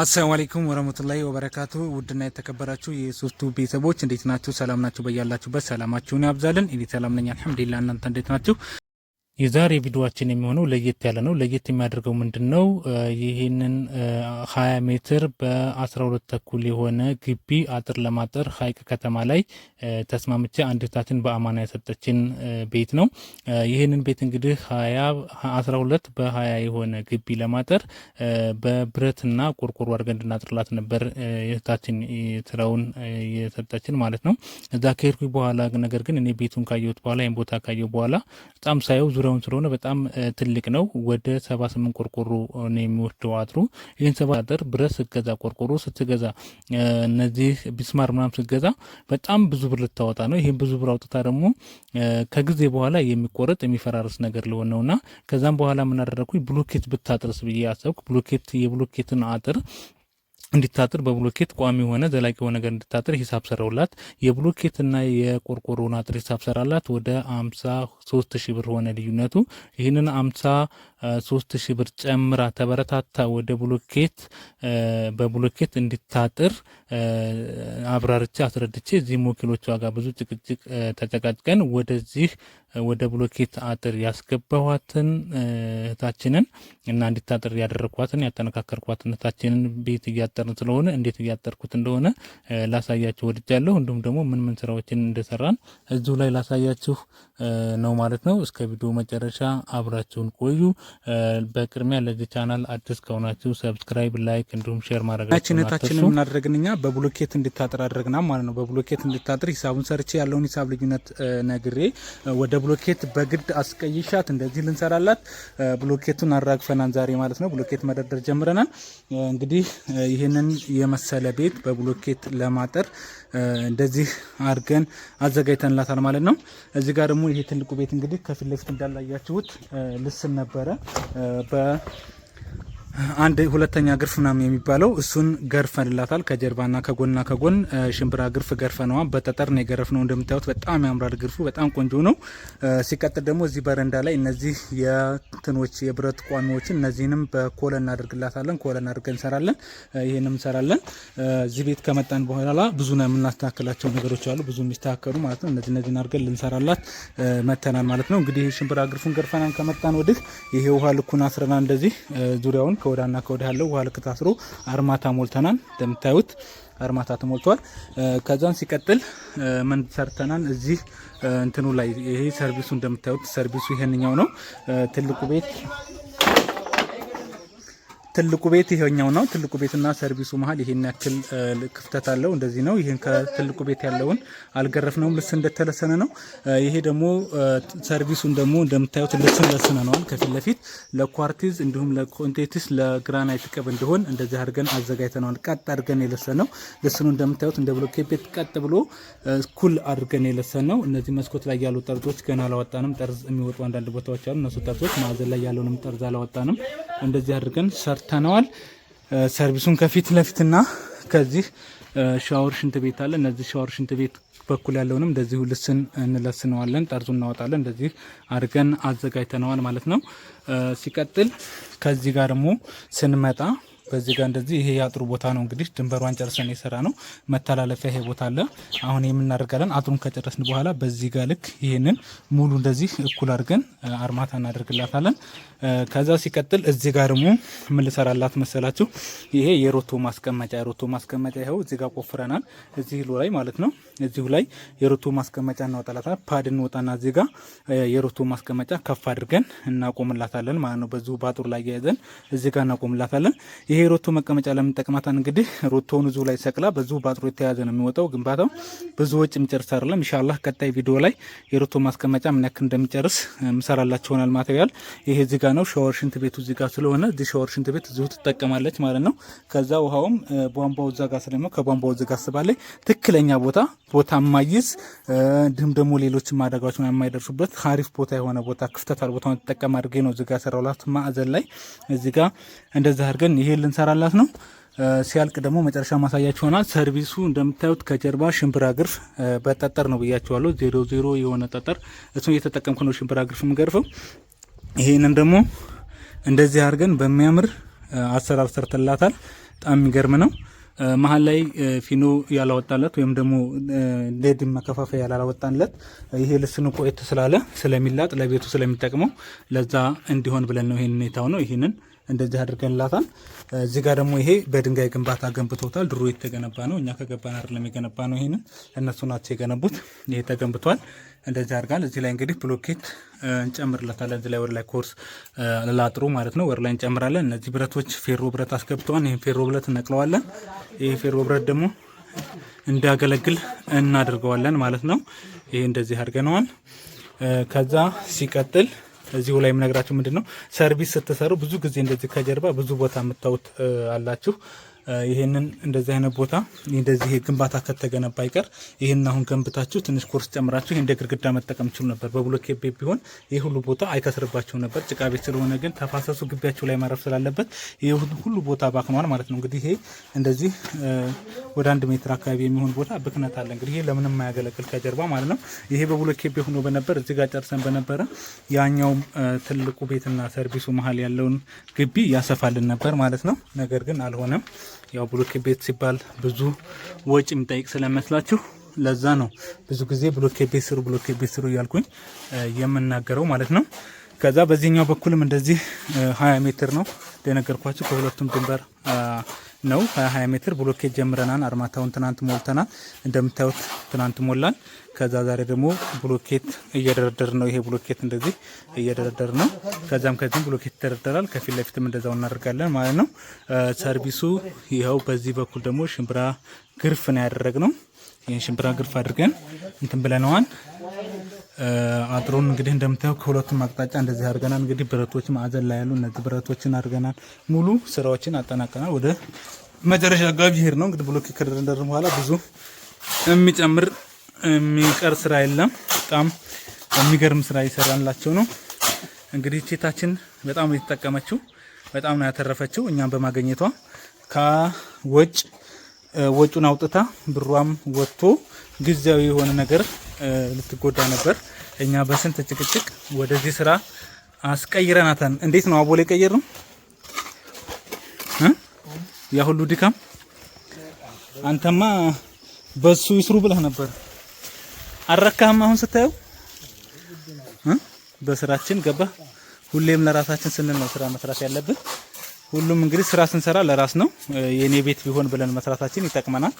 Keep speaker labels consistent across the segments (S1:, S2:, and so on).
S1: አሰላሙ አለይኩም ወረህመቱላሂ ወበረካቱ። ውድና የተከበራችሁ የሶስቱ ቤተሰቦች እንዴት ናችሁ? ሰላም ናችሁ? በያላችሁበት ሰላማችሁን ያብዛልን። እኔ ሰላም ነኝ አልሐምዱሊላህ። እናንተ እንዴት ናችሁ? የዛሬ ቪዲዮችን የሚሆነው ለየት ያለ ነው። ለየት የሚያደርገው ምንድን ነው? ይህንን 20 ሜትር በ12 ተኩል የሆነ ግቢ አጥር ለማጠር ሀይቅ ከተማ ላይ ተስማምቼ አንድ እህታችን በአማና የሰጠችን ቤት ነው። ይህንን ቤት እንግዲህ 12 በ20 የሆነ ግቢ ለማጠር በብረትና ቆርቆሮ አድርገን እንድናጥርላት ነበር እህታችን ስራውን የሰጠችን ማለት ነው። እዛ ከሄድኩ በኋላ ነገር ግን እኔ ቤቱን ካየሁት በኋላ ይህን ቦታ ካየሁ በኋላ በጣም ሳየው ዙሪያ ብለውን ስለሆነ በጣም ትልቅ ነው። ወደ ሰባ ስምንት ቆርቆሮ ነው የሚወስደው አጥሩ። ይህን ሰባ አጥር ብረት ስትገዛ፣ ቆርቆሮ ስትገዛ፣ እነዚህ ቢስማር ምናም ስትገዛ በጣም ብዙ ብር ልታወጣ ነው። ይህን ብዙ ብር አውጥታ ደግሞ ከጊዜ በኋላ የሚቆረጥ የሚፈራርስ ነገር ሊሆን ነው እና ከዛም በኋላ ምን አደረግኩኝ ብሎኬት ብታጥርስ ብዬ አሰብኩ። ብሎኬት የብሎኬትን አጥር እንዲታጥር በብሎኬት ቋሚ የሆነ ዘላቂ የሆነ ነገር እንዲታጥር ሂሳብ ሰረውላት የብሎኬትና የቆርቆሮን አጥር ሂሳብ ሰራላት። ወደ አምሳ ሶስት ሺ ብር ሆነ ልዩነቱ። ይህንን አምሳ ሶስት ሺ ብር ጨምራ ተበረታታ ወደ ብሎኬት በብሎኬት እንዲታጥር አብራርቼ አስረድቼ እዚህም ወኪሎቿ ዋጋ ብዙ ጭቅጭቅ ተጨቃጭቀን ወደዚህ ወደ ብሎኬት አጥር ያስገባኋትን እህታችንን እና እንዲታጥር ያደረግኳትን ያጠነካከርኳትን እህታችንን ቤት እያጠ እያጠርን ስለሆነ እንዴት እያጠርኩት እንደሆነ ላሳያችሁ ወድጃለሁ። እንዲሁም ደግሞ ምን ምን ስራዎችን እንደሰራን እዚሁ ላይ ላሳያችሁ ነው ማለት ነው። እስከ ቪዲዮ መጨረሻ አብራችሁን ቆዩ። በቅድሚያ ለዚህ ቻናል አዲስ ከሆናችሁ ሰብስክራይብ፣ ላይክ እንዲሁም ሼር ማድረግ ናችነታችን በብሎኬት እንድታጥር አድረግና ማለት ነው። በብሎኬት እንድታጥር ሂሳቡን ሰርቼ ያለውን ሂሳብ ልዩነት ነግሬ ወደ ብሎኬት በግድ አስቀይሻት እንደዚህ ልንሰራላት ብሎኬቱን አራግፈናን ዛሬ ማለት ነው። ብሎኬት መደርደር ጀምረናል እንግዲህ ይሄ ይህንን የመሰለ ቤት በብሎኬት ለማጠር እንደዚህ አድርገን አዘጋጅተንላታል ማለት ነው። እዚህ ጋር ደግሞ ይሄ ትልቁ ቤት እንግዲህ ከፊት ለፊት እንዳላያችሁት ልስን ነበረ በ አንድ ሁለተኛ ግርፍ ምናምን የሚባለው እሱን ገርፈንላታል። ከጀርባና ከጎንና ከጎን ሽምብራ ግርፍ ገርፈነዋ በጠጠር ነው የገረፍ ነው። እንደምታዩት በጣም ያምራል ግርፉ፣ በጣም ቆንጆ ነው። ሲቀጥል ደግሞ እዚህ በረንዳ ላይ እነዚህ የትኖች የብረት ቋሚዎችን እነዚህንም በኮለ እናደርግላታለን። ኮለ እናደርገን እንሰራለን። ይህንም እንሰራለን። እዚህ ቤት ከመጣን በኋላ ብዙ ነው የምናስተካክላቸው ነገሮች አሉ፣ ብዙ የሚስተካከሉ ማለት ነው። እነዚህ እነዚህን አድርገን ልንሰራላት መተናል ማለት ነው። እንግዲህ ሽምብራ ግርፉን ገርፈናን ከመጣን ወዲህ ይሄ ውሃ ልኩን አስረና እንደዚህ ዙሪያውን ከወዳና ከወዳ ያለው ውሃ ልክ ታስሮ አርማታ ሞልተናል። እንደምታዩት አርማታ ተሞልቷል። ከዛን ሲቀጥል ምን ሰርተናል? እዚህ እንትኑ ላይ ይሄ ሰርቪሱ እንደምታዩት ሰርቪሱ ይሄንኛው ነው። ትልቁ ቤት ትልቁ ቤት ይሄኛው ነው። ትልቁ ቤትና ሰርቪሱ መሀል ይሄን ያክል ክፍተት አለው። እንደዚህ ነው። ይህን ከትልቁ ቤት ያለውን አልገረፍነውም፣ ልስ እንደተለሰነ ነው። ይሄ ደግሞ ሰርቪሱን ደግሞ እንደምታዩት ልስ ልስን ለስነነዋል። ከፊት ለፊት ለኳርቲዝ እንዲሁም ለኮንቴቲስ ለግራናይት ቅብ እንዲሆን እንደዚህ አድርገን አዘጋጅተነዋል። ቀጥ አድርገን የለሰነው ልስኑ እንደምታዩት እንደ ብሎኬ ቤት ቀጥ ብሎ ኩል አድርገን የለሰነው። እነዚህ መስኮት ላይ ያሉ ጠርዞች ገና አላወጣንም። ጠርዝ የሚወጡ አንዳንድ ቦታዎች አሉ። እነሱ ጠርዞች ማዘን ላይ ያለውንም ጠርዝ አላወጣንም። እንደዚህ አድርገን ሰር ሰርተነዋል። ሰርቪሱን ከፊት ለፊትና ከዚህ ሻወር ሽንት ቤት አለ። እነዚህ ሻወር ሽንት ቤት በኩል ያለውንም እንደዚሁ ልስን እንለስነዋለን፣ ጠርዙ እናወጣለን። እንደዚህ አድርገን አዘጋጅተነዋል ማለት ነው። ሲቀጥል ከዚህ ጋር ደግሞ ስንመጣ በዚህ ጋር እንደዚህ ይሄ የአጥሩ ቦታ ነው እንግዲህ ድንበሯን ጨርሰን የሰራ ነው። መተላለፊያ ይሄ ቦታ አለ። አሁን የምናደርጋለን አጥሩን ከጨረስን በኋላ በዚህ ጋር ልክ ይሄንን ሙሉ እንደዚህ እኩል አድርገን አርማታ እናደርግላታለን። ከዛ ሲቀጥል እዚህ ጋር ደግሞ ምን ልሰራላት መሰላችሁ? ይሄ የሮቶ ማስቀመጫ የሮቶ ማስቀመጫ ይኸው እዚህ ጋር ቆፍረናል። እዚህ ሉ ላይ ማለት ነው። እዚሁ ላይ የሮቶ ማስቀመጫ እናወጣላታል። ፓድ እንወጣና እዚህ ጋር የሮቶ ማስቀመጫ ከፍ አድርገን እናቆምላታለን ማለት ነው። በዚሁ በአጥሩ ላይ ያያዘን እዚህ ጋር እናቆምላታለን። ይሄ ሮቶ መቀመጫ ለምንጠቅማታን እንግዲህ ሮቶውን እዙ ላይ ሰቅላ በዙ በአጥሮ የተያዘ ነው የሚወጣው። ግንባታው ብዙ ወጭ የሚጨርስ አይደለም። ኢንሻላህ ቀጣይ ቪዲዮ ላይ የሮቶ ማስቀመጫ ምን ያክል እንደሚጨርስ ምሰራላችሁ ይሆናል። ማቴሪያል ይሄ እዚህ ነው። ሻወር ሽንት ቤቱ እዚህ ስለሆነ እዚህ ሻወር ሽንት ቤት እዚሁ ትጠቀማለች ማለት ነው። ከዛ ውሃውም ቧንቧው እዛ ጋር ስለሚሆን ከቧንቧው እዚህ ጋር ስባለች ትክክለኛ ቦታ ቦታ ማይዝ እንዲሁም ደግሞ ሌሎችም አደጋዎች የማይደርሱበት ሀሪፍ ቦታ የሆነ ቦታ ክፍተት ቦታ ትጠቀም አድርጌ ነው እዚህ ጋር ሰራውላት ማዕዘን ላይ እዚጋ እንደዛ አድርገን ይሄ ልንሰራላት ነው። ሲያልቅ ደግሞ መጨረሻ ማሳያችሁ ይሆናል። ሰርቪሱ እንደምታዩት ከጀርባ ሽምብራ ግርፍ በጠጠር ነው ብያቸዋለሁ። ዜሮ ዜሮ የሆነ ጠጠር እሱ እየተጠቀምኩ ነው ሽምብራ ግርፍ የምገርፈው። ይሄንን ደግሞ እንደዚህ አድርገን በሚያምር አሰራር ሰርተላታል። በጣም የሚገርም ነው። መሀል ላይ ፊኖ ያላወጣለት ወይም ደግሞ ሌድ መከፋፈያ ያላወጣለት ይሄ ልስኑ ቆየት ስላለ ስለሚላጥ ለቤቱ ስለሚጠቅመው ለዛ እንዲሆን ብለን ነው ይህን ሁኔታው ነው ይህንን እንደዚህ አድርገንላታል። እዚህ ጋር ደግሞ ይሄ በድንጋይ ግንባታ ገንብቶታል። ድሮ የተገነባ ነው። እኛ ከገባን አይደለም የገነባ ነው። ይሄንን እነሱ ናቸው የገነቡት። ይሄ ተገንብቷል። እንደዚህ አድርጋል። እዚህ ላይ እንግዲህ ብሎኬት እንጨምርለታለን። እዚህ ላይ ወደ ላይ ኮርስ ላጥሩ ማለት ነው ወደ ላይ እንጨምራለን። እነዚህ ብረቶች ፌሮ ብረት አስገብተዋል። ይህን ፌሮ ብረት እነቅለዋለን። ይህ ፌሮ ብረት ደግሞ እንዲያገለግል እናደርገዋለን ማለት ነው። ይሄ እንደዚህ አድርገነዋል። ከዛ ሲቀጥል እዚሁ ላይ የምነግራችሁ ምንድን ነው ሰርቪስ ስትሰሩ ብዙ ጊዜ እንደዚህ ከጀርባ ብዙ ቦታ የምታዩት አላችሁ ይሄንን እንደዚህ አይነት ቦታ እንደዚህ ግንባታ ከተገነባ አይቀር ይህን አሁን ገንብታችሁ ትንሽ ኮርስ ጨምራችሁ ይህ እንደ ግድግዳ መጠቀም ችሉ ነበር። በብሎክ ቤት ቢሆን ይህ ሁሉ ቦታ አይከስርባቸው ነበር። ጭቃ ቤት ስለሆነ ግን ተፋሰሱ ግቢያቸው ላይ ማረፍ ስላለበት ይህ ሁሉ ቦታ ባክኗል ማለት ነው። እንግዲህ ይሄ እንደዚህ ወደ አንድ ሜትር አካባቢ የሚሆን ቦታ ብክነት አለ። እንግዲህ ይሄ ለምንም የማያገለግል ከጀርባ ማለት ነው። ይሄ በብሎክ ቤት ሆኖ በነበር እዚህ ጋር ጨርሰን በነበረ ያኛው ትልቁ ቤትና ሰርቪሱ መሀል ያለውን ግቢ ያሰፋልን ነበር ማለት ነው። ነገር ግን አልሆነም። ያው ብሎኬ ቤት ሲባል ብዙ ወጪ የሚጠይቅ ስለመስላችሁ ለዛ ነው ብዙ ጊዜ ብሎኬ ቤት ስሩ ብሎኬ ቤት ስሩ እያልኩኝ የምናገረው ማለት ነው። ከዛ በዚህኛው በኩልም እንደዚህ 20 ሜትር ነው እንደነገርኳችሁ ከሁለቱም ድንበር ነው 20 ሜትር ብሎኬት ጀምረናል። አርማታውን ትናንት ሞልተናል። እንደምታዩት ትናንት ሞላን። ከዛ ዛሬ ደግሞ ብሎኬት እየደረደር ነው። ይሄ ብሎኬት እንደዚህ እየደረደር ነው። ከዛም ከዚህም ብሎኬት ይደረደራል። ከፊት ለፊትም እንደዛው እናደርጋለን ማለት ነው። ሰርቪሱ ይኸው። በዚህ በኩል ደግሞ ሽምብራ ግርፍ ነው ያደረግ ነው። ይህን ሽምብራ ግርፍ አድርገን እንትን ብለነዋል። አጥሩን እንግዲህ እንደምታየው ከሁለቱም አቅጣጫ እንደዚህ አድርገናል። እንግዲህ ብረቶች ማዕዘን ላይ ያሉ እነዚህ ብረቶችን አድርገናል። ሙሉ ስራዎችን አጠናቀናል። ወደ መጨረሻ አካባቢ ይሄድ ነው እንግዲህ ብሎክ ከደረደርን በኋላ ብዙ የሚጨምር የሚቀር ስራ የለም። በጣም የሚገርም ስራ እየሰራንላቸው ነው። እንግዲህ ቼታችን በጣም የተጠቀመችው በጣም ነው ያተረፈችው። እኛም በማገኘቷ ከወጭ ወጩን አውጥታ ብሯም ወጥቶ ጊዜያዊ የሆነ ነገር ልትጎዳ ነበር። እኛ በስንት ጭቅጭቅ ወደዚህ ስራ አስቀይረናታን። እንዴት ነው አቦሌ ቀይር ነው ያ ሁሉ ድካም። አንተማ በሱ ይስሩ ብለህ ነበር። አረካህም አሁን ስታየው በስራችን ገባ ሁሌም ለራሳችን ስንል ነው ስራ መስራት ያለብን። ሁሉም እንግዲህ ስራ ስንሰራ ለራስ ነው። የኔ ቤት ቢሆን ብለን መስራታችን ይጠቅመናል።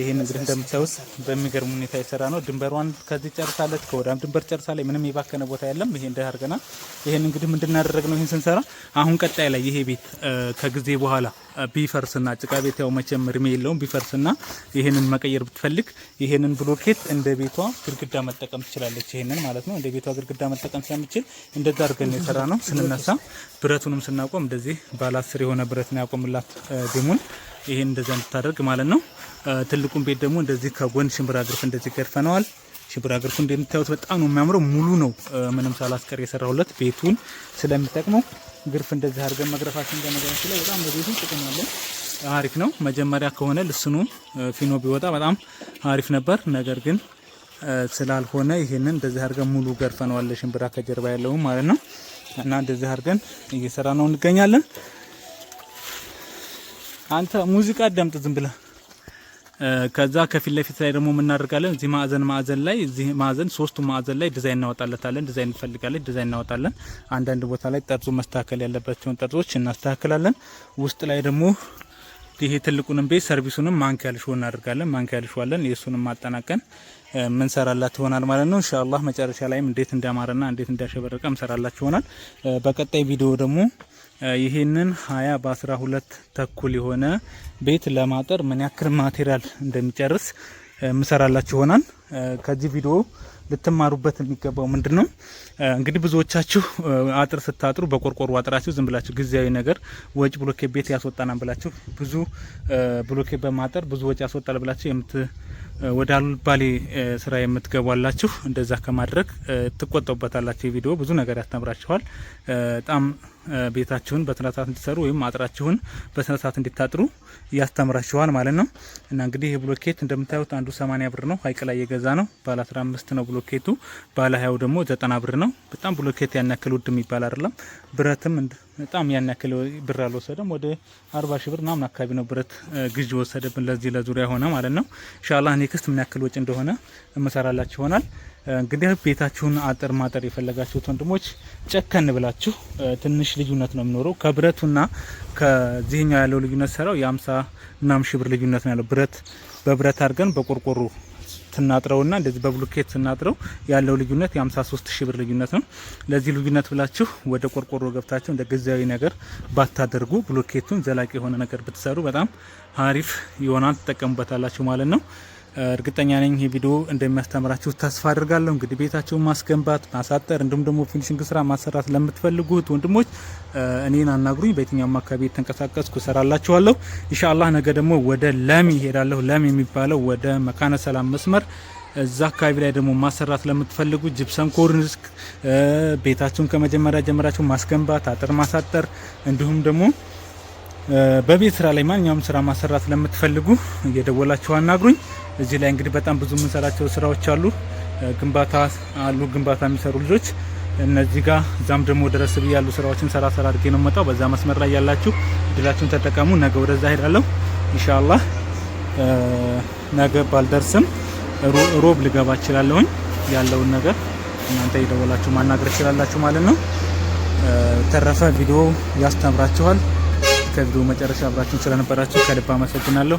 S1: ይሄን እንግዲህ እንደምታዩት በሚገርም ሁኔታ የሰራ ነው። ድንበሯን ከዚህ ጨርሳለች፣ ከወዳም ድንበር ጨርሳለች። ምንም የባከነ ቦታ የለም። ይሄ እንደ ይሄን እንግዲህ ምንድን ነው ይሄን ስንሰራ፣ አሁን ቀጣይ ላይ ይሄ ቤት ከጊዜ በኋላ ቢፈርስና ጭቃ ቤት ያው መቼም እድሜ የለውም ቢፈርስና ይሄንን መቀየር ብትፈልግ ይሄንን ብሎኬት እንደ ቤቷ ግድግዳ መጠቀም ትችላለች። ይሄንን ማለት ነው እንደ ቤቷ ግድግዳ መጠቀም ስለምችል እንደዛ አድርገን የሰራ ነው። ስንነሳ ብረቱንም ስናቆም እንደዚህ ባለ አስር የሆነ ብረት ነው ያቆምላት ዲሙን ይሄን እንደዛ እንድታደርግ ማለት ነው። ትልቁን ቤት ደግሞ እንደዚህ ከጎን ሽምብራ ግርፍ እንደዚህ ገርፈነዋል። ሽምብራ ግርፉ እንደምታዩት በጣም ነው የሚያምረው። ሙሉ ነው ምንም ሳላስቀር የሰራሁለት ቤቱን ስለሚጠቅመው ግርፍ እንደዚህ አድርገን መግረፋችን በነገራችን ላይ በጣም በቤቱ ጥቅም አሪፍ ነው። መጀመሪያ ከሆነ ልስኑ ፊኖ ቢወጣ በጣም አሪፍ ነበር። ነገር ግን ስላልሆነ ይህንን እንደዚህ አድርገን ሙሉ ገርፈነዋል። ሽምብራ ከጀርባ ያለው ማለት ነው እና እንደዚህ አድርገን እየሰራ ነው እንገኛለን። አንተ ሙዚቃ አዳምጥ ዝም ብለህ ከዛ ከፊት ለፊት ላይ ደግሞ የምናደርጋለን እዚህ ማዕዘን ማዕዘን ላይ እዚህ ማዕዘን ሶስቱ ማዕዘን ላይ ዲዛይን እናወጣለታለን። ዲዛይን እንፈልጋለን፣ ዲዛይን እናወጣለን። አንዳንድ ቦታ ላይ ጠርዙ መስተካከል ያለባቸውን ጠርዞች እናስተካክላለን። ውስጥ ላይ ደግሞ ይሄ ትልቁንም ቤት ሰርቪሱንም ማንኪያ ልሾ እናደርጋለን። ማንኪያ ልሾዋለን። የእሱንም ማጠናቀን ምንሰራላት ይሆናል ማለት ነው። ኢንሻአላህ መጨረሻ ላይም እንዴት እንዳማረና እንዴት እንዳሸበረቀ ምንሰራላችሁ ይሆናል። በቀጣይ ቪዲዮ ደግሞ ይህንን 20 በ12 ተኩል የሆነ ቤት ለማጠር ምን ያክል ማቴሪያል እንደሚጨርስ ምሰራላችሁ ይሆናል። ከዚህ ቪዲዮ ልትማሩበት የሚገባው ምንድን ነው? እንግዲህ ብዙዎቻችሁ አጥር ስታጥሩ በቆርቆሮ አጥራችሁ ዝም ብላችሁ ጊዜያዊ ነገር ወጭ ብሎኬት ቤት ያስወጣናል ብላችሁ ብዙ ብሎኬት በማጠር ብዙ ወጭ ያስወጣል ብላችሁ የምት ወደ አልባሌ ስራ የምትገቧላችሁ፣ እንደዛ ከማድረግ ትቆጠቡበታላችሁ። ቪዲዮ ብዙ ነገር ያስተምራችኋል በጣም ቤታችሁን በስነስርዓት እንዲሰሩ ወይም አጥራችሁን በስነስርዓት እንዲታጥሩ ያስተምራችኋል ማለት ነው። እና እንግዲህ ይህ ብሎኬት እንደምታዩት አንዱ 80 ብር ነው፣ ሀይቅ ላይ የገዛ ነው። ባለ 15 ነው ብሎኬቱ፣ ባለ 20 ደግሞ 90 ብር ነው። በጣም ብሎኬት ያን ያክል ውድ የሚባል አይደለም። ብረትም በጣም ያን ያክል ብር አልወሰደም። ወደ 40 ሺህ ብር ምናምን አካባቢ ነው ብረት ግዥ ወሰደብን፣ ለዚህ ለዙሪያ ሆነ ማለት ነው። ኢንሻአላህ ኔክስት ምን ያክል ወጪ እንደሆነ እመሰራላችሁ ይሆናል። እንግዲህ ቤታችሁን አጥር ማጠር የፈለጋችሁት ወንድሞች ጨከን ብላችሁ ትንሽ ልዩነት ነው የሚኖረው ከብረቱና ከዚህኛው ያለው ልዩነት ሰራው የ50 ምናምን ሺህ ብር ልዩነት ነው ያለው። ብረት በብረት አድርገን በቆርቆሮ ስናጥረውና እንደዚህ በብሎኬት ስናጥረው ያለው ልዩነት የ53 ሺህ ብር ልዩነት ነው። ለዚህ ልዩነት ብላችሁ ወደ ቆርቆሮ ገብታችሁ እንደ ጊዜያዊ ነገር ባታደርጉ ብሎኬቱን ዘላቂ የሆነ ነገር ብትሰሩ በጣም አሪፍ ይሆናል፣ ትጠቀሙበታላችሁ ማለት ነው። እርግጠኛ ነኝ ይህ ቪዲዮ እንደሚያስተምራችሁ ተስፋ አድርጋለሁ። እንግዲህ ቤታቸውን ማስገንባት፣ ማሳጠር እንዲሁም ደግሞ ፊኒሽንግ ስራ ማሰራት ለምትፈልጉት ወንድሞች እኔን አናግሩኝ። በየትኛውም አካባቢ ተንቀሳቀስኩ እሰራላችኋለሁ። ኢንሻአላህ ነገ ደግሞ ወደ ለም ይሄዳለሁ። ለም የሚባለው ወደ መካነ ሰላም መስመር እዛ አካባቢ ላይ ደግሞ ማሰራት ለምትፈልጉ ጅብሰም ኮርንስ ቤታችሁን ከመጀመሪያ ጀምራችሁ ማስገንባት፣ አጥር ማሳጠር እንዲሁም ደግሞ በቤት ስራ ላይ ማንኛውም ስራ ማሰራት ለምትፈልጉ እየደወላችሁ አናግሩኝ። እዚህ ላይ እንግዲህ በጣም ብዙ የምንሰራቸው ስራዎች አሉ። ግንባታ አሉ ግንባታ የሚሰሩ ልጆች እነዚህ ጋር እዛም ደግሞ ድረስ ብዬ ያሉ ስራዎችን ሰራ ሰራ አድርጌ ነው መጣው። በዛ መስመር ላይ ያላችሁ እድላችሁን ተጠቀሙ። ነገ ወደዛ ሄዳለሁ ኢንሻአላህ። ነገ ባልደርስም ሮብ ልገባ እችላለሁኝ። ያለውን ነገር እናንተ የደወላችሁ ማናገር እችላላችሁ ማለት ነው። ተረፈ ቪዲዮ ያስተምራችኋል። ከቪዲዮ መጨረሻ አብራችሁን ስለነበራችሁ ከልብ አመሰግናለሁ።